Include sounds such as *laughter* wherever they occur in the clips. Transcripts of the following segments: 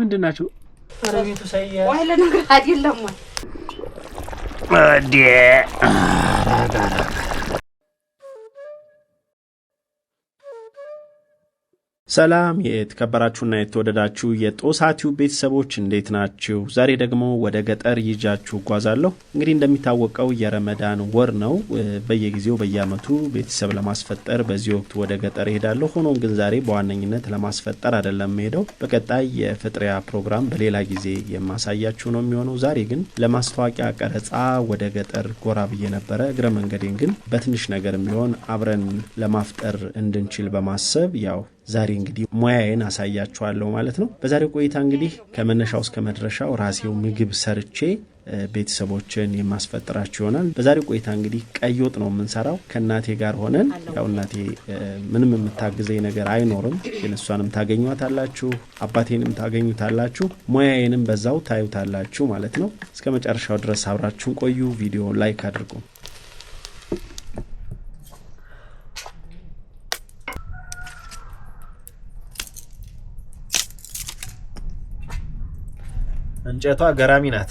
ምንድን ናቸው? ለነገር አይደለም ሰላም የተከበራችሁና የተወደዳችሁ የጦሳቲው ቤተሰቦች እንዴት ናችሁ? ዛሬ ደግሞ ወደ ገጠር ይዣችሁ እጓዛለሁ። እንግዲህ እንደሚታወቀው የረመዳን ወር ነው። በየጊዜው በየአመቱ ቤተሰብ ለማስፈጠር በዚህ ወቅት ወደ ገጠር እሄዳለሁ። ሆኖም ግን ዛሬ በዋነኝነት ለማስፈጠር አይደለም ሄደው በቀጣይ የፍጥሪያ ፕሮግራም በሌላ ጊዜ የማሳያችሁ ነው የሚሆነው። ዛሬ ግን ለማስታወቂያ ቀረጻ ወደ ገጠር ጎራ ብዬ ነበረ። እግረ መንገዴን ግን በትንሽ ነገር የሚሆን አብረን ለማፍጠር እንድንችል በማሰብ ያው ዛሬ እንግዲህ ሙያዬን አሳያችኋለሁ ማለት ነው። በዛሬው ቆይታ እንግዲህ ከመነሻው እስከ መድረሻው ራሴው ምግብ ሰርቼ ቤተሰቦችን የማስፈጥራቸው ይሆናል። በዛሬው ቆይታ እንግዲህ ቀይ ወጥ ነው የምንሰራው ከእናቴ ጋር ሆነን። ያው እናቴ ምንም የምታግዘኝ ነገር አይኖርም፣ ግን እሷንም ታገኟታላችሁ፣ አባቴንም ታገኙታላችሁ፣ ሙያዬንም በዛው ታዩታላችሁ ማለት ነው። እስከ መጨረሻው ድረስ አብራችሁን ቆዩ። ቪዲዮ ላይክ አድርጉ። እንጨቷ ገራሚ ናት።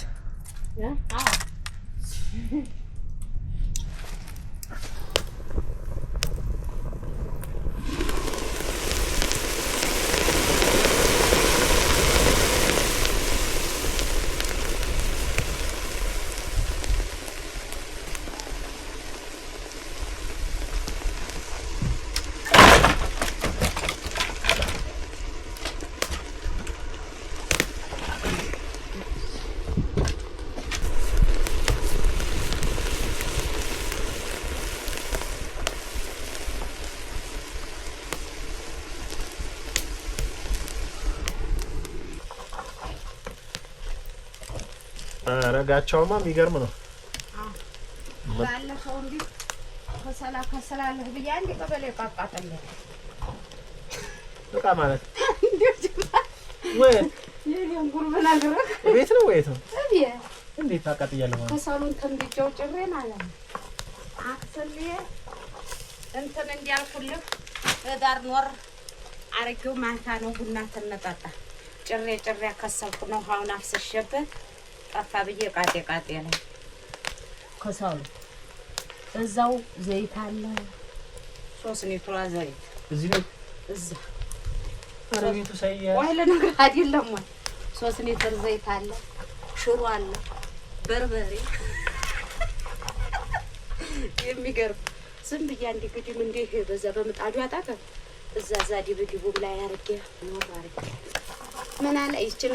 ረጋቸውማ የሚገርም ነው። ባለፈው እንዲህ ከሰላ ከሰላለህ ብዬ አንድ ቀበሌ እቃ አቃጠለኝ። እቃ ማለት ቤት ነው ወይት ነው። እንዴት አቃጥያለሁ ማለት ከሰሉን ተንብጬው ጭሬ ማለት ነው። አክስልዬ እንትን እንዲያልኩልህ እዳር ኖር አረጌው ማታ ነው ቡና ትነጣጣ ጭሬ ጭሬ ከሰልኩ ነው አሁን አፍስሼበት ጠፋ ብዬ ቃጤ ቃጤ ላይ ከሰሉ እዛው ዘይት አለ ሶስት ሊትሯ ዘይት እዚህ ነው። እዛ ረቤቱ ሳያ ዋይለ ነገር አይደለም ወይ ሶስት ሊትር ዘይት አለ፣ ሽሮ አለ፣ በርበሬ *laughs* የሚገርም ዝም ብዬ አንድ ግድም እንዲህ በዛ በምጣዱ ያጣቀም እዛ ዛ ዲብዲቡም ላይ አርጌ ኖር አርጌ ምን አለ ይችን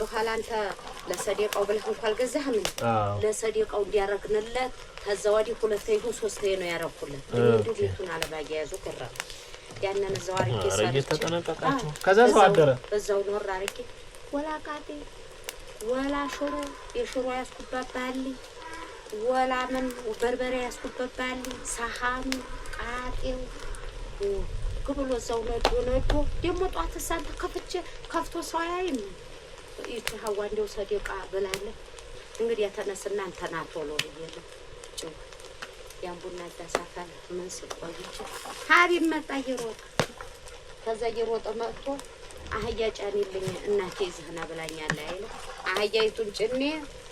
በኋላ አንተ ለሰደቃው ብለህ እንኳን አልገዛህም። ለሰደቃው እንዲያረግንለት ከዛ ወዲህ ሁለት ይሁን ነው ያረኩለት። እንዱቱን አለባጊ ያዙ ክራ ያንን እዛው አርጌ ተጠነቀቃችሁ። ከዛ ሰው አደረ እዛው ኖር አርጌ ወላ ቃጤ ወላ ሽሮ የሽሮ ያስኩባት ባል ወላ ምን በርበሬ ያስኩባት ባል ሳሃኑ ቃጤው ግብሎ እዛው ነዶ ነዶ ደግሞ ጧት ሳንተ ከፍቼ ከፍቶ ሰው አያይም ይቺ ሀዋ እንደው ሰደቃ ብላለች። እንግዲህ የተነስና እንተና ቶሎ ጭው ያን ቡና ምን ስቆይች መጣ እየሮጠ ከዛ እየሮጠ መጥቶ አህያ ጫኒልኝ እናቴ ይዘህና ብላኛለ አይለ አህያይቱን ጭኔ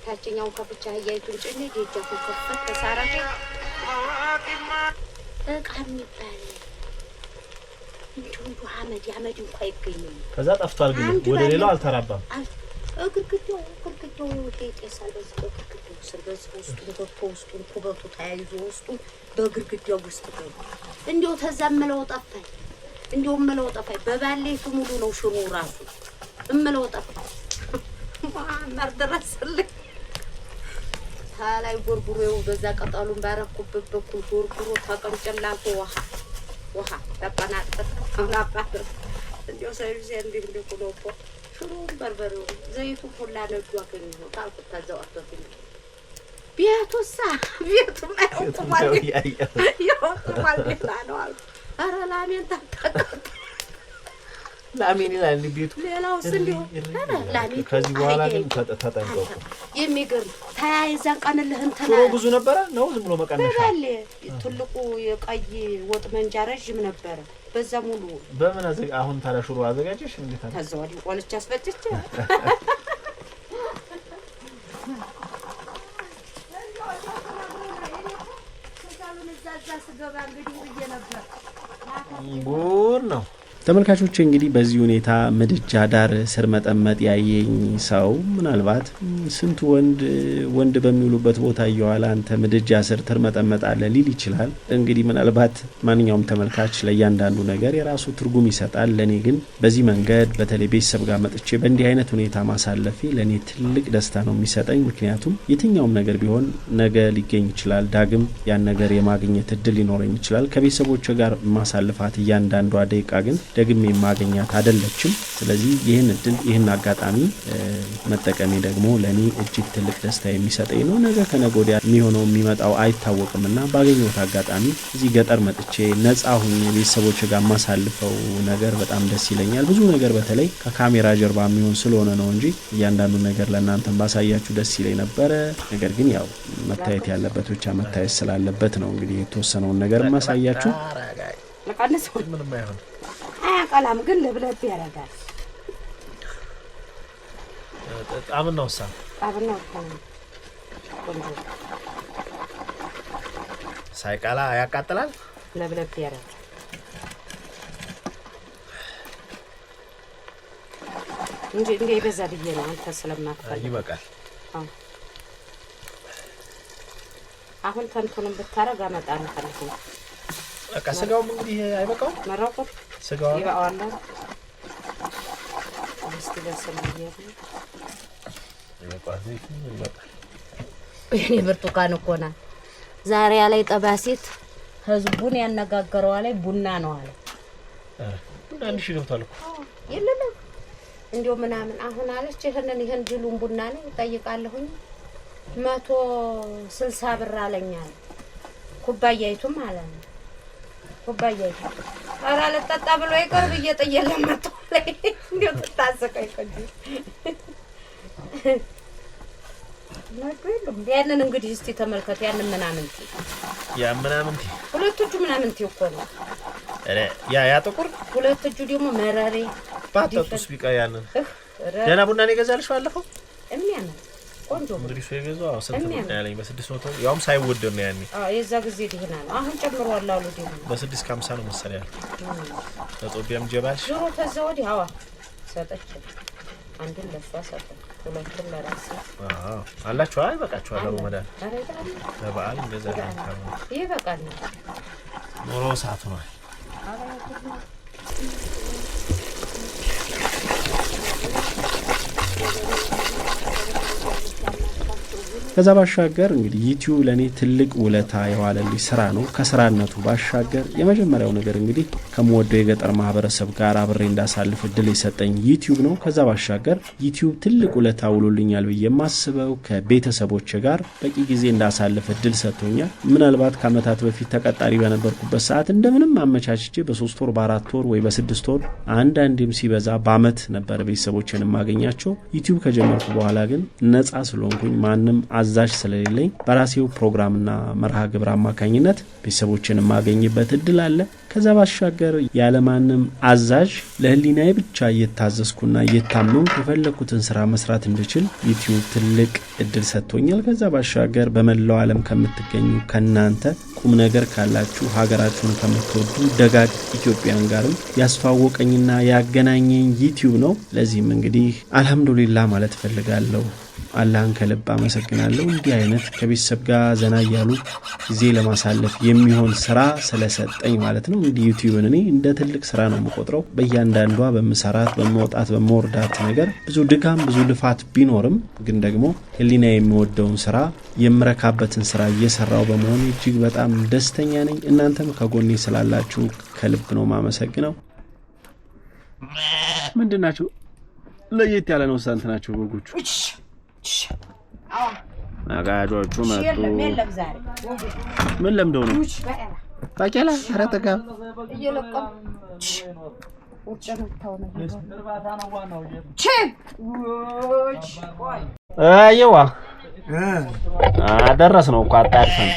ታችኛውን ከፍቼ አህያይቱን ጭኔ ደጃፉን እቃ የሚባል እንዲሁ እንዲሁ አመድ አመድ እንኳ አይገኝም። ከዛ ጠፍቷል፣ ግን ወደ ሌላው አልተራባም። ግርግዳው ግርግዳው ይጤሳል። በዚህ በግርግዳው ስር በዚህ ውስጡን ገብቶ ውስጡን ኩበቱ ተያይዞ ውስጡን በግርግዳው ውስጥ ገቡ። እንዲሁ ተዛ እምለው ጠፋኝ፣ እንዲሁ እምለው ጠፋኝ። በባሌቱ ሙሉ ነው ሽኑ ራሱ እምለው ጠፋኝ። ማመር ደረሰልኝ ታላይ ጎርጉሮ በዛ ቀጠሉን ባረኩበት በኩል ጎርጉሮ ተቀምጨላቶ ውሃ ውሃ ዳባናጠጣሁን አባት እንዲያው ሰሪዜ እንዲህ እንዲህ ብሎ እኮ ሽሮውን በርበሬውን ዘይቱ ሁላ ነዱ አገኘሁ ካልኩት ከዛው አቶፊል ቤቱሳ ቤቱማ ያውቁማል ያውቁማል ቤላ ነው አሉ ኧረ ላሜን ታታቃ ላሜን ይላል ቤቱ። ከዚህ በኋላ ግን ተጠንቀቁ። የሚገርም ቀንልህን ተና ብዙ ነበረ ነው ዝም ብሎ ትልቁ የቀይ ወጥ መንጃ ረዥም ነበረ። በዛ ሙሉ በምን አሁን ታዲያ ሽሮ አዘጋጀሽ? እንዴት አለ ታዛው አይደል ቆልቼ አስፈጭቼ ነው። ተመልካቾች እንግዲህ በዚህ ሁኔታ ምድጃ ዳር ስር መጠመጥ ያየኝ ሰው ምናልባት ስንቱ ወንድ ወንድ በሚውሉበት ቦታ እየዋለ አንተ ምድጃ ስር ትርመጠመጣለ ሊል ይችላል። እንግዲህ ምናልባት ማንኛውም ተመልካች ለእያንዳንዱ ነገር የራሱ ትርጉም ይሰጣል። ለእኔ ግን በዚህ መንገድ በተለይ ቤተሰብ ጋር መጥቼ በእንዲህ አይነት ሁኔታ ማሳለፌ ለእኔ ትልቅ ደስታ ነው የሚሰጠኝ። ምክንያቱም የትኛውም ነገር ቢሆን ነገ ሊገኝ ይችላል። ዳግም ያን ነገር የማግኘት እድል ሊኖረኝ ይችላል። ከቤተሰቦች ጋር ማሳልፋት እያንዳንዷ ደቂቃ ግን ደግሜ የማገኛት አይደለችም። ስለዚህ ይህን እድል ይህን አጋጣሚ መጠቀሜ ደግሞ ለእኔ እጅግ ትልቅ ደስታ የሚሰጠኝ ነው። ነገ ከነገ ወዲያ የሚሆነው የሚመጣው አይታወቅም እና ባገኘሁት አጋጣሚ እዚህ ገጠር መጥቼ ነፃ ሁኜ ቤተሰቦች ጋር የማሳልፈው ነገር በጣም ደስ ይለኛል። ብዙ ነገር በተለይ ከካሜራ ጀርባ የሚሆን ስለሆነ ነው እንጂ እያንዳንዱ ነገር ለእናንተን ባሳያችሁ ደስ ይለኝ ነበረ። ነገር ግን ያው መታየት ያለበት ብቻ መታየት ስላለበት ነው እንግዲህ የተወሰነውን ነገር ማሳያችሁ አይቀላም፣ ግን ልብለብ ያደርጋል። ጣምና ውሳ ጣምና ውሳ ሳይቀላ ያቃጥላል፣ ለብለብ ያደርጋል። እንጂ እንደ ይበዛ ብዬ ነው። አንተ ስለማትፈልግ ይበቃል። አሁን ተንቱንም ብታረግ አመጣ ነው ፈልገው በቃ ስጋውም እንግዲህ አይበቃው መረቁት ስጋው ይበቃዋል። የኔ ብርቱካን እኮ ናት ዛሬ ላይ ጠባሴት ህዝቡን ያነጋገረው ላይ ቡና ነው አለ። ቡና አንድ ሺህ ገብቷል እኮ የለም እንዲያው ምናምን አሁን አለች ይህንን ይህን ድሉን ቡና ነኝ እጠይቃለሁኝ መቶ ስልሳ ብር አለኛል ኩባያይቱም አለ ነው ኩባያ ይሄ ኧረ ልጠጣ ብሎ ይቅር ብዬ ጥዬለት መጣሁ። እንዲያው ትታሰቀኝ ቅዱስ ያንን እንግዲህ እስኪ ተመልከቱ። ያንን ምናምንቴ ያ ምናምንቴ ሁለት እጁ ምናምንቴ እኮ ነው ያ ያ ጥቁር ሁለት እጁ ደግሞ መረሬ ባጠጡስ ቢቃ ያንን ደህና ቡና ነው የገዛልሽ ባለፈው ቆንጆ እንግዲህ ሶ ይበዛው ስንት ነው ያለኝ? በ600 ያውም ሳይወደድ ነው ያኔ። አዎ የዛ ጊዜ ይሆናል። አሁን ጨምሯል አሉ ደግሞ በ650 ነው መሰለኝ ያለ ለጦቢያም ጀባሽ ዞሮ ከዛ ወዲህ አዋ ሰጠች። አንዱን ለሷ ሰጠ፣ ሁለቱን ለራሴ። አዎ አላችሁ? አይ በቃችኋል። ለመዳን ለበዓል እንደዛ ይሄ በቃ ነው። ኖሮ ሰዓት ነው Thank ከዛ ባሻገር እንግዲህ ዩቲዩብ ለእኔ ትልቅ ውለታ የዋለልኝ ስራ ነው። ከስራነቱ ባሻገር የመጀመሪያው ነገር እንግዲህ ከምወደው የገጠር ማህበረሰብ ጋር አብሬ እንዳሳልፍ እድል የሰጠኝ ዩቲዩብ ነው። ከዛ ባሻገር ዩቲዩብ ትልቅ ውለታ ውሎልኛል ብዬ የማስበው ከቤተሰቦች ጋር በቂ ጊዜ እንዳሳልፍ እድል ሰጥቶኛል። ምናልባት ከአመታት በፊት ተቀጣሪ በነበርኩበት ሰዓት እንደምንም አመቻችቼ በሶስት ወር በአራት ወር ወይ በስድስት ወር አንዳንዴም ሲበዛ በአመት ነበር ቤተሰቦችን የማገኛቸው። ዩቲዩብ ከጀመርኩ በኋላ ግን ነጻ ስለሆንኩኝ ማንም አዛዥ ስለሌለኝ በራሴው ፕሮግራምና መርሃ ግብር አማካኝነት ቤተሰቦችን የማገኝበት እድል አለ። ከዛ ባሻገር ያለማንም አዛዥ ለህሊናዬ ብቻ እየታዘዝኩና እየታመንኩ የፈለግኩትን ስራ መስራት እንድችል ዩቲዩብ ትልቅ እድል ሰጥቶኛል። ከዛ ባሻገር በመላው ዓለም ከምትገኙ ከእናንተ ቁም ነገር ካላችሁ ሀገራችሁን ከምትወዱ ደጋግ ኢትዮጵያን ጋርም ያስተዋወቀኝና ያገናኘኝ ዩቲዩብ ነው። ለዚህም እንግዲህ አልሐምዱሊላ ማለት እፈልጋለሁ። አላህን ከልብ አመሰግናለሁ። እንዲህ አይነት ከቤተሰብ ጋር ዘና እያሉ ጊዜ ለማሳለፍ የሚሆን ስራ ስለሰጠኝ ማለት ነው። እንዲህ ዩቲዩብን እኔ እንደ ትልቅ ስራ ነው የምቆጥረው። በእያንዳንዷ በምሰራት በመውጣት በመወርዳት ነገር ብዙ ድካም ብዙ ልፋት ቢኖርም ግን ደግሞ ህሊና የሚወደውን ስራ የምረካበትን ስራ እየሰራው በመሆኑ እጅግ በጣም ደስተኛ ነኝ። እናንተም ከጎኔ ስላላችሁ ከልብ ነው ማመሰግነው። ምንድን ናቸው ለየት ያለ ነው ሳንት ናቸው በጎቹ መቃጮቹ መጡ። ምን ለምደው ነው ታውቂያላ? ኧረ ጥጋ አየዋ አደረስ ነው እኮ አጣርፈን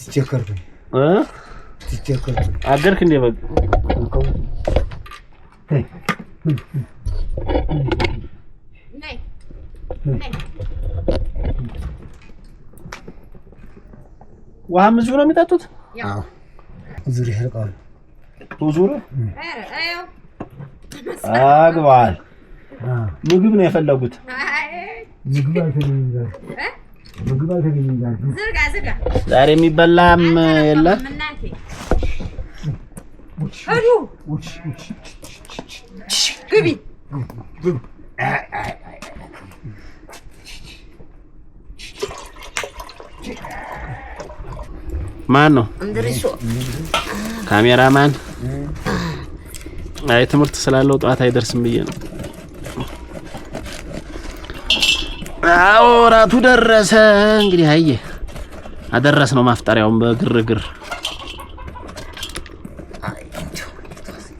ትቸከርኩኝ ቲቸር ኮርቱ አገርክ እንደ በግ ውሃም እዚሁ ነው የሚጠጡት። ዙሪ ርቀዋል። አግባል ምግብ ነው የፈለጉት። ምግብ ዛሬ፣ ምግብ ዛሬ። የሚበላም የለም ግቢ ማን ነው ካሜራ ማን? አይ ትምህርት ስላለው ጠዋት አይደርስም ብዬ ነው። አዎ እራቱ ደረሰ። እንግዲህ አየ አደረስ ነው ማፍጠሪያውን በግርግር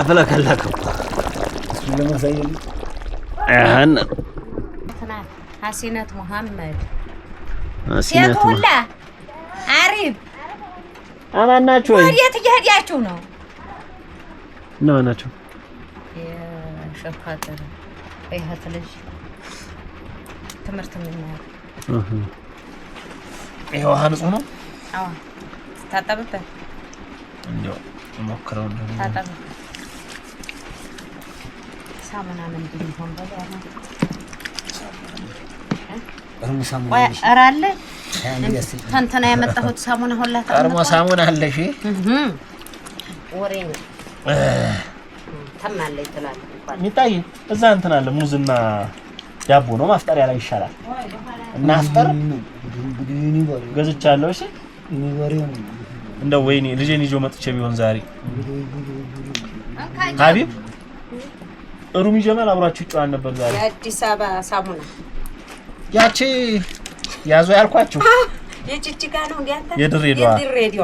አፍለከለከው እሱን ለማሳየት አሁን ሀሲነት መሐመድ ሴት ሁላ አሪፍ አማን ናችሁ ወይ? ወዴት እየሄዳችሁ ነው? እነማን ናቸው? የሸፋጥር እህት ልጅ ትምህርት የሚማሩ ይኸው ውሃ ንጹህ ነው። ታጠብበት እንደው ሞክረው ታጠብ ሳሙና ምንድን ይሆን ኧረ አለ ተንተና ያመጣሁት ሳሙና ሁላ ቀርሞ ሳሙና አለ እሺ ወሬ እዛ እንትን አለ ሙዝና ዳቦ ነው ማፍጠሪያ ላይ ይሻላል እና ገዝቻለሁ እሺ እንደ ወይኔ ልጄን ይዞ መጥቼ ቢሆን ዛሬ ሀቢብ ሩሚ ጀማል አብራችሁ ጨዋን ነበር። ዛሬ የአዲስ አበባ ሳሙና ያቺ ያዙ ያልኳችሁ የጅጅጋ ነው እንዴ? አንተ የድሬዳዋ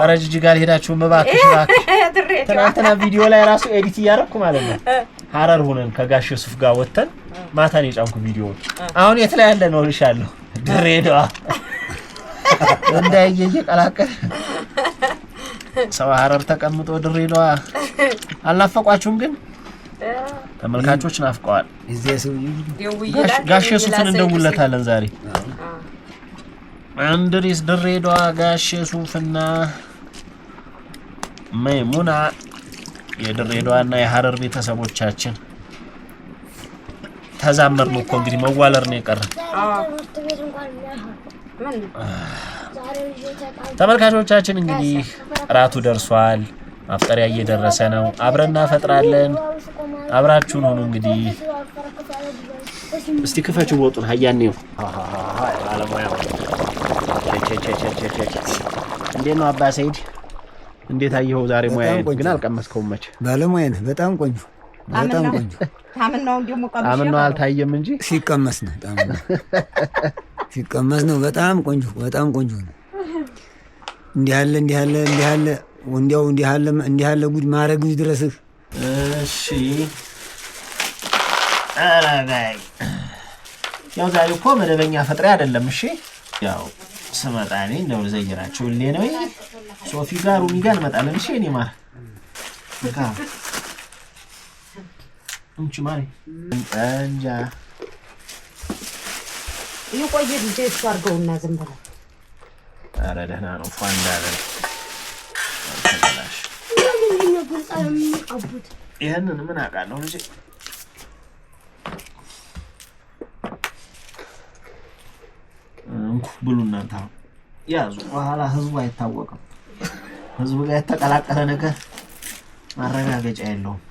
ኧረ ጅጅጋ አልሄዳችሁም እባክሽ እባክሽ። ትናንትና ቪዲዮ ላይ ራሱ ኤዲት እያደረኩ ማለት ነው ሀረር ሆነን ከጋሽ ሱፍ ጋር ወጥተን ማታን የጫንኩ ቪዲዮ አሁን የት ላይ ያለ ነው እልሻለሁ። ድሬዳዋ እንዳይየየ ቀላቀል ሰው ሀረር ተቀምጦ ድሬዳዋ *laughs* አልናፈቋችሁም? ግን ተመልካቾች ናፍቀዋል። ጋሼ ሱፍን እንደውለታለን ዛሬ እንድሪስ ድሬዳዋ ጋሼ ሱፍና መይሙና የድሬዳዋና የሀረር ቤተሰቦቻችን ተዛመር ነው እኮ እንግዲህ መዋለር ነው የቀረ ተመልካቾቻችን እንግዲህ እራቱ ደርሷል። ማፍጠሪያ እየደረሰ ነው። አብረን እናፈጥራለን። አብራችሁን ሆኑ። እንግዲህ እስቲ ክፈችው ወጡን። ሀያኔው እንዴት ነው አባ ሰይድ? እንዴት አየኸው ዛሬ? ሙያ ግን አልቀመስከውም መች። ባለሙያ ነህ። በጣም ቆንጆ በጣም ቆንጆ። ነው አልታየም እንጂ ሲቀመስ ታምን ነው። *laughs* ሲቀመስ ነው። በጣም ቆንጆ በጣም ቆንጆ ነው። እንዲህ ያለ እንዲህ ያለ እንዲህ ያለ እንዲያው እንዲህ ያለ እንዲህ ያለ ጉድ ማረግ ድረስህ። እሺ አረጋይ ያው ዛሬ እኮ መደበኛ ፈጥሬ አይደለም። እሺ ያው ስመጣ እኔ እንደው ዘይራችሁ ሁሌ ነው ሶፊ ጋር ሩሚ ጋር እንመጣለን። እሺ እኔ ማር እንቺ ማሪ እንጃ የቆየ ልጄ እሱ አድርገውና ዝም ብለው ኧረ ደህና ነው ፏ እንዳለ ይህንን ምን አውቃለሁ ልጄ እንኩ ብሉ እናንተ ያዙ በኋላ ህዝቡ አይታወቅም ህዝቡ ጋር የተቀላቀለ ነገር ማረጋገጫ የለውም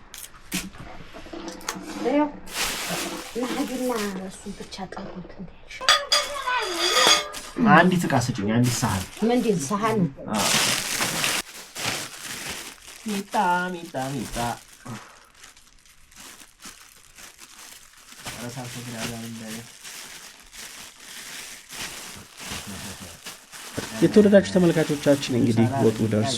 እና እሱን ብቻ ጠሩት Nanti sih kasih jangan di sana. Jangan di sana. Mita, mita, mita. Ada satu kerajaan di sana. የተወደዳችሁ ተመልካቾቻችን እንግዲህ ወጡ ደርሶ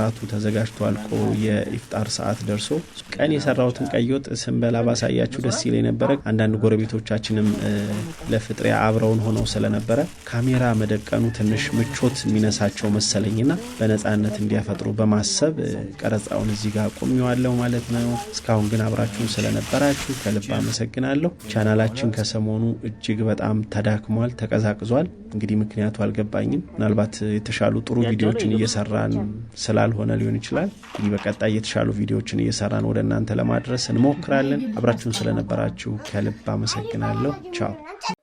ራቱ ተዘጋጅቶ አልቆ የኢፍጣር ሰዓት ደርሶ ቀን የሰራሁትን ቀይ ወጥ ስንበላ ባሳያችሁ ደስ ይል ነበረ። አንዳንድ ጎረቤቶቻችንም ለፍጥሬ አብረውን ሆነው ስለነበረ ካሜራ መደቀኑ ትንሽ ምቾት የሚነሳቸው መሰለኝና በነፃነት እንዲያፈጥሩ በማሰብ ቀረጻውን እዚህ ጋር ቆሚዋለሁ ማለት ነው። እስካሁን ግን አብራችሁን ስለነበራችሁ ከልብ አመሰግናለሁ። ቻናላችን ከሰሞኑ እጅግ በጣም ተዳክሟል፣ ተቀዛቅዟል። እንግዲህ ምክንያቱ አልገባኝም። ምናልባት የተሻሉ ጥሩ ቪዲዮዎችን እየሰራን ስላልሆነ ሊሆን ይችላል። ይህ በቀጣይ የተሻሉ ቪዲዮዎችን እየሰራን ወደ እናንተ ለማድረስ እንሞክራለን። አብራችሁን ስለነበራችሁ ከልብ አመሰግናለሁ። ቻው